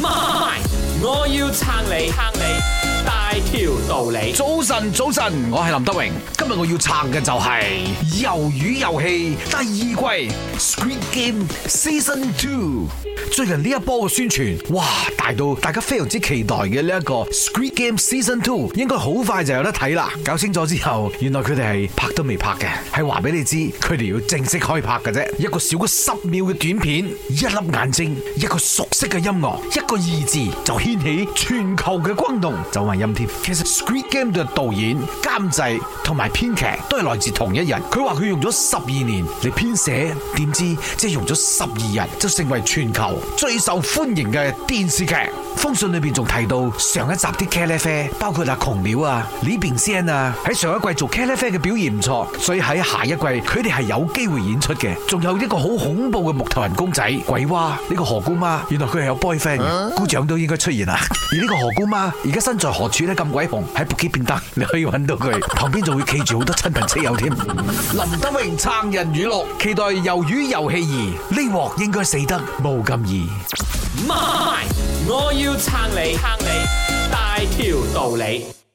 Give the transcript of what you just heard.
媽咪，我要撐你，撐你大條道理。早晨，早晨，我係林德榮，今日我要撐嘅就係《魷魚遊戲》第二季《Squid Game Season 2》。最近呢一波嘅宣傳，哇，大到大家非常之期待嘅呢一個《Squid Game Season Two》應該好快就有得睇啦。搞清楚之後，原來佢哋係拍都未拍嘅，係話俾你知佢哋要正式開拍嘅啫。一個少過十秒嘅短片，一粒眼睛，一個熟悉嘅音樂，一個二字就掀起全球嘅轟動，走埋音添，其實《Squid Game》嘅導演、監製同埋編劇都係來自同一人。佢話佢用咗十二年嚟編寫，點知即係用咗十二日就成為全球。最受歡迎嘅電視劇，封信裏邊仲提到上一集啲茄哩啡，包括阿窮鳥啊，呢邊先啊，喺上一季做茄哩啡嘅表現唔錯，所以喺下一季佢哋係有機會演出嘅。仲有一個好恐怖嘅木頭人公仔，鬼娃，呢個何姑媽，原來佢係有 boyfriend，姑丈都應該出現啊。而呢個何姑媽而家身在何處呢？咁鬼紅喺 Bukit Bintang，你可以揾到佢，旁邊仲會企住好多親朋戚友添。林德榮撐人娛樂，期待魷魚遊戲二呢鑊應該死得冇咁。媽我要撐你，撐你大條道理。